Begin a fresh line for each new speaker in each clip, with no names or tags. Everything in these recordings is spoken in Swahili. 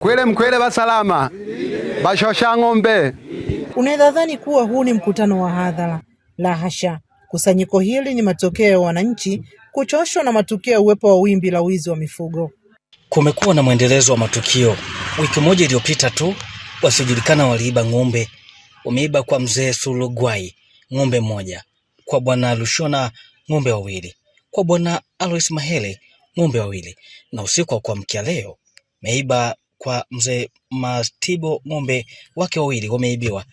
Kwele mkwele basalama bashosha ng'ombe.
Unaweza dhani kuwa huu ni mkutano wa hadhara, la hasha. Kusanyiko hili ni matokeo ya wananchi kuchoshwa na matukio ya uwepo wa wimbi la wizi wa mifugo.
Kumekuwa na mwendelezo wa matukio. Wiki moja iliyopita tu wasiojulikana waliiba ng'ombe, wameiba kwa mzee Sulugwai ng'ombe mmoja, kwa bwana Lushona ng'ombe wawili, kwa bwana Alois Mahele ng'ombe wawili, na usiku wa kuamkia leo meiba kwa mzee Matibo ng'ombe wake wawili wameibiwa.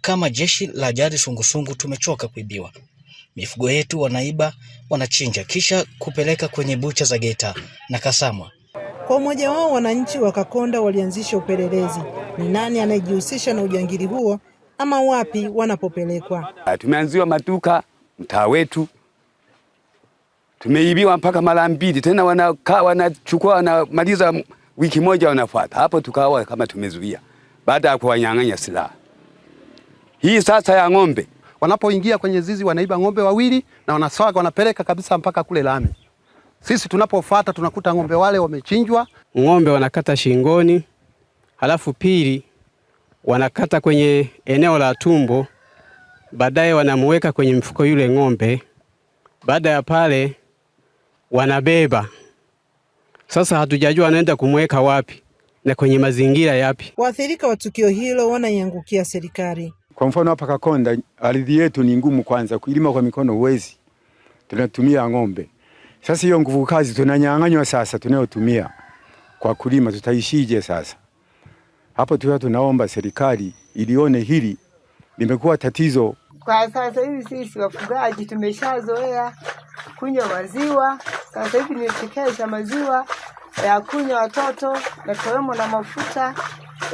Kama jeshi la ajali sungusungu, tumechoka kuibiwa. Mifugo yetu wanaiba, wanachinja, kisha kupeleka kwenye bucha za geta na Kasamwa.
Kwa umoja wao, wananchi wa Kakonda walianzisha upelelezi, ni nani anayejihusisha na ujangili huo ama wapi wanapopelekwa.
Tumeanziwa maduka mtaa wetu, tumeibiwa mpaka mara mbili tena, wanakaa wanachukua, wanamaliza wiki moja wanafuata hapo, tukawa kama tumezuia, baada ya kuwanyang'anya silaha. Hii sasa ya ng'ombe,
wanapoingia kwenye zizi wanaiba ng'ombe wawili na wanasaga, wanapeleka kabisa mpaka kule lami. Sisi tunapofuata tunakuta ng'ombe wale wamechinjwa,
ng'ombe wanakata shingoni, halafu pili wanakata kwenye eneo la tumbo, baadaye wanamuweka kwenye mfuko yule ng'ombe. Baada ya pale wanabeba sasa hatujajua anaenda kumweka wapi na kwenye mazingira yapi.
Waathirika wa tukio hilo wanaiangukia serikali.
Kwa mfano hapa Kakonda, ardhi yetu ni ngumu, kwanza kulima kwa mikono huwezi, tunatumia ng'ombe. Sasa hiyo nguvu kazi tunanyang'anywa, sasa tunayotumia kwa kulima tutaishije sasa? Hapo tu tunaomba serikali ilione hili limekuwa tatizo
kwa sasa hivi. Sisi wafugaji tumeshazoea kunywa maziwa, sasa hivi ni maziwa ya kunywa watoto, yakiwemo na mafuta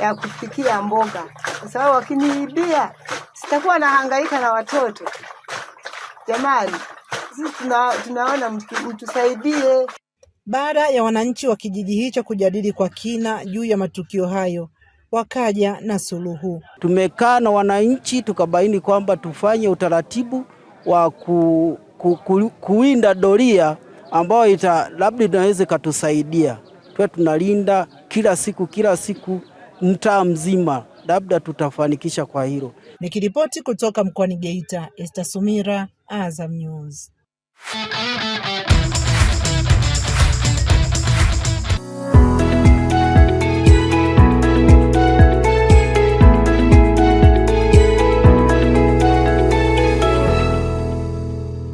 ya kupikia mboga, kwa sababu wakiniibia sitakuwa nahangaika na watoto. Jamani, sisi tuna, tunaona mtusaidie.
Baada ya wananchi wa kijiji hicho kujadili kwa kina juu ya matukio hayo, wakaja na suluhu.
Tumekaa na wananchi tukabaini kwamba tufanye utaratibu wa ku, ku, ku, kuinda doria ambayo ita labda inaweza ikatusaidia tuwe tunalinda kila siku kila siku mtaa mzima, labda tutafanikisha kwa hilo.
Nikiripoti kutoka mkoani Geita, Esther Sumira, Azam News.